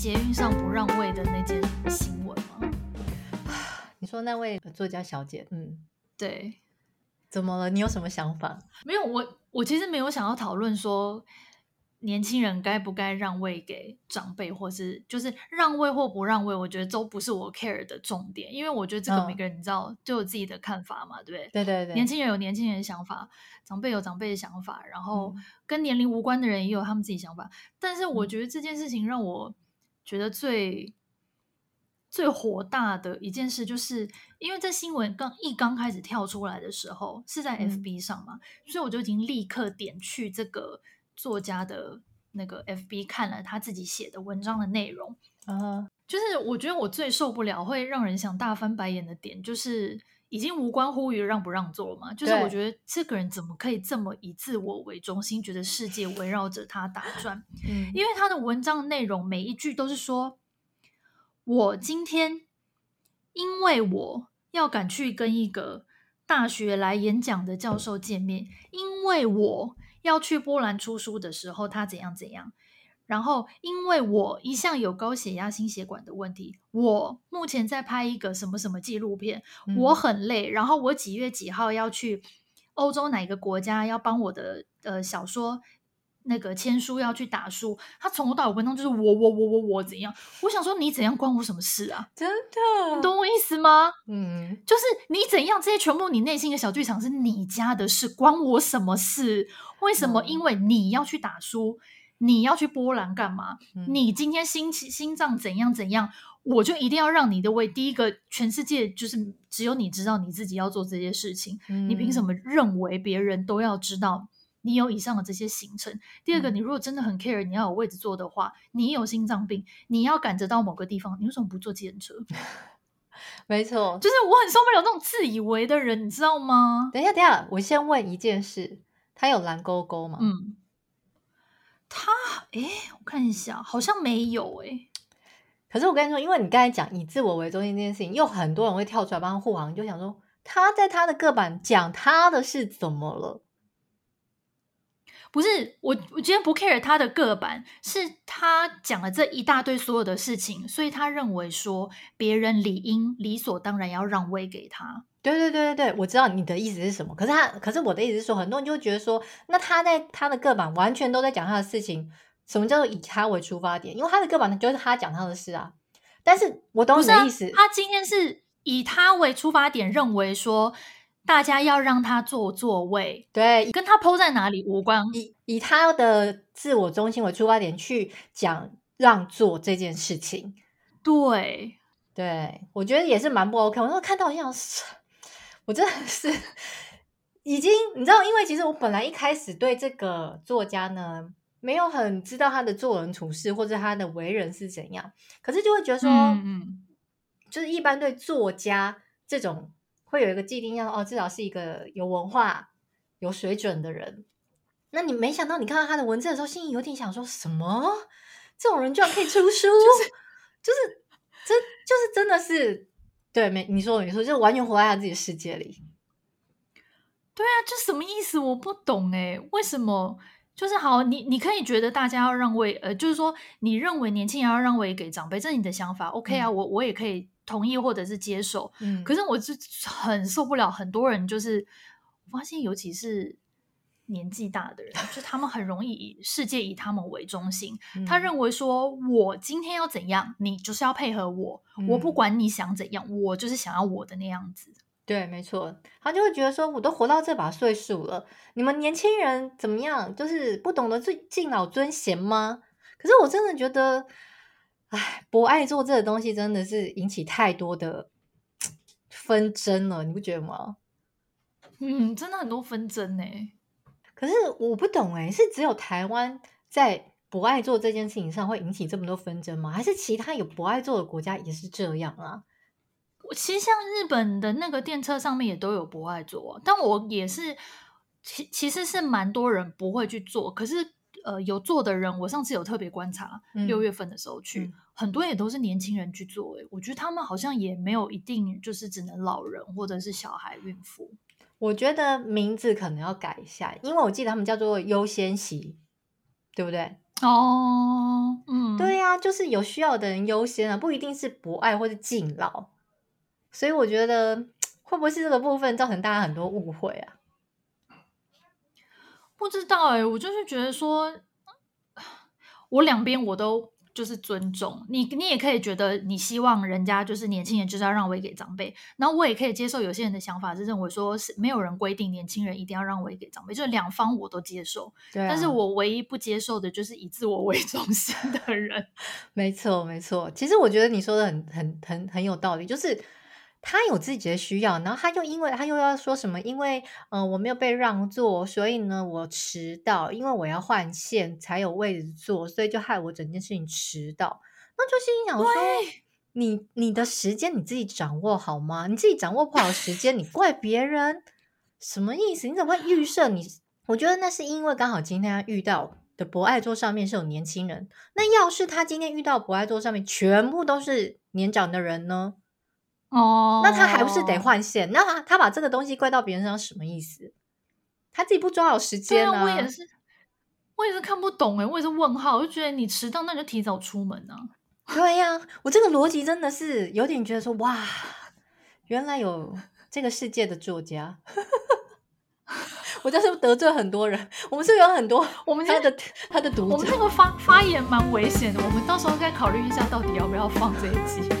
捷運上不讓位的那件新聞嗎？你說那位作家小姐，嗯，對，怎麼了？你有什麼想法？沒有，我我其實沒有想要討論說年輕人該不該讓位給長輩，或是就是讓位或不讓位，我覺得都不是我 care 的重點，因為我覺得這個每個人你知道都、哦、有自己的看法嘛，對不對？對對對，年輕人有年輕人的想法，長輩有長輩的想法，然後跟年齡無關的人也有他們自己想法，嗯、但是我覺得這件事情讓我。覺得最最火大的一件事，就是因為在新聞剛一剛開始跳出來的時候，是在 FB 上嘛，嗯、所以我就已經立刻點去這個作家的那個 FB 看了他自己寫的文章的內容。啊、uh-huh、就是我覺得我最受不了，會讓人想大翻白眼的點，就是。已經無關乎於讓不讓座嘛，就是我覺得這個人怎麼可以這麼以自我為中心，對覺得世界圍繞着他打轉？嗯、因為他的文章內容每一句都是說，我今天因為我要趕去跟一個大學來演講的教授見面，因為我要去波蘭出書的時候他怎樣怎樣。然後，因為我一向有高血壓、心血管的問題，我目前在拍一個什麼什麼紀錄片，嗯、我很累。然後我幾月幾號要去歐洲哪個國家，要幫我的呃小說那個簽書要去打書。他從頭到尾都就是我我我我我，我怎樣？我想說你怎樣關我什麼事啊？真的，你懂我意思嗎？嗯，就是你怎樣，這些全部你內心的小劇場是你家的事，關我什麼事？為什麼？因為你要去打書。你要去波蘭幹嘛？嗯、你今天心心臟怎樣怎樣？我就一定要讓你的位第一個，全世界就是只有你知道你自己要做這些事情。嗯、你憑什麼認為別人都要知道你有以上的這些行程？嗯、第二個，你如果真的很 care 你要有位置坐的話，嗯、你有心臟病，你要趕着到某個地方，你為什麼不坐計程車？沒錯，就是我很受不了那種自以為的人，你知道嗎？等一下，等一下，我先問一件事，他有藍勾勾嗎？嗯。他，哎，我看一下，好像沒有哎。可是我跟你說，因為你剛才講以自我為中心這件事情，又很多人會跳出來幫他護航，你就想說他在他的個版講他的事怎麼了？不是我，我今天不 care 他的個版，是他講了這一大堆所有的事情，所以他認為說別人理應理所當然要讓位給他。對對對對對，我知道你的意思是什麼。可是他，可是我的意思是說，很多人就覺得說，那他在他的個板完全都在講他的事情，什麼叫做以他為出發點？因為他的個板就是他講他的事啊。但是，我懂你的意思、啊。他今天是以他為出發點，認為說大家要讓他坐座位，對，跟他 po 在哪裡無關。以以他的自我中心為出發點去講讓座這件事情，對，對我覺得也是蠻不 OK。我看到一樣是。我真的是已經，你知道，因為其實我本來一開始對這個作家呢，沒有很知道他的做人處事或者他的為人是怎樣，可是就會覺得說，嗯，就是一般對作家這種會有一個既定要，哦，至少是一個有文化、有水準的人。那你沒想到，你看到他的文字的時候，心裡有點想說什麼，這種人居然可以出書。 就是真，就是真的是。對，沒你說我你說，沒說就完全活在他自己的世界裡。對啊，這什麼意思？我不懂誒，欸，為什麼？就是好，你你可以覺得大家要讓位，呃，就是說你認為年輕人要讓位給長輩，這是你的想法，OK 啊，嗯，我我也可以同意或者是接受。嗯，可是我就很受不了，很多人就是發現，尤其是。年紀大的人， 就是他們很容易以世界以他們為中心。嗯、他認為說，我今天要怎樣，你就是要配合我。嗯、我不管你想怎樣，我就是想要我的那樣子。對，沒錯。他就會覺得說，我都活到這把歲數了，你們年輕人怎麼樣？就是不懂得最敬老尊賢嗎？可是我真的覺得，哎，博愛座這個東西真的是引起太多的紛爭了，你不覺得嗎？嗯，真的很多紛爭呢、欸。可是我不懂誒、欸、是只有台灣在博愛座這件事情上會引起這麼多紛爭嗎？還是其他有博愛座的國家也是這樣啊？我其實像日本的那個電車上面也都有博愛座，但我也是其其實是蠻多人不會去坐。可是呃，有坐的人，我上次有特別觀察，六、嗯、月份的時候去，嗯、很多也都是年輕人去坐，欸。誒我覺得他們好像也沒有一定就是只能老人或者是小孩孕婦，孕婦。我覺得名字可能要改一下，因為我記得他們叫做優先席，對不對？哦，嗯，對呀、啊，就是有需要的人優先啊，不一定是博愛或者敬老，所以我覺得會不會是這個部分造成大家很多誤會啊？不知道哎、欸，我就是覺得說，我兩邊我都。就是尊重你，你也可以覺得你希望人家就是年輕人，就是要讓位給長輩。然後我也可以接受有些人的想法，是認為說是沒有人規定年輕人一定要讓位給長輩，就是兩方我都接受。對啊、但是我唯一不接受的就是以自我為中心的人。 沒錯，沒錯。其實我覺得你說的很、很、很、很有道理，就是。他有自己的需要，然後他又因為他又要說什麼？因為嗯、呃，我沒有被讓座，所以呢，我遲到。因為我要換線才有位置坐，所以就害我整件事情遲到。那就是你想說，對你你的時間你自己掌握好嗎？你自己掌握不好時間，你怪別人什麼意思？你怎麼會預設你？我覺得那是因為剛好今天遇到的博愛座上面是有年輕人。那要是他今天遇到博愛座上面全部都是年長的人呢？哦，oh. 那他還不是得換線？那他他把這個東西怪到別人身上什麼意思？他自己不抓好時間呢、啊啊？我也是，我也是看不懂哎、欸，我也是問號，我就覺得你遲到，那你就提早出門啊？對呀、啊，我這個邏輯真的是有點覺得說，哇，原來有這個世界的作家， 我這是不是得罪很多人？我們是不是有很多？我們家的他的讀者，他我們這個發發言蠻危險的，我們到時候再考慮一下，到底要不要放這一集？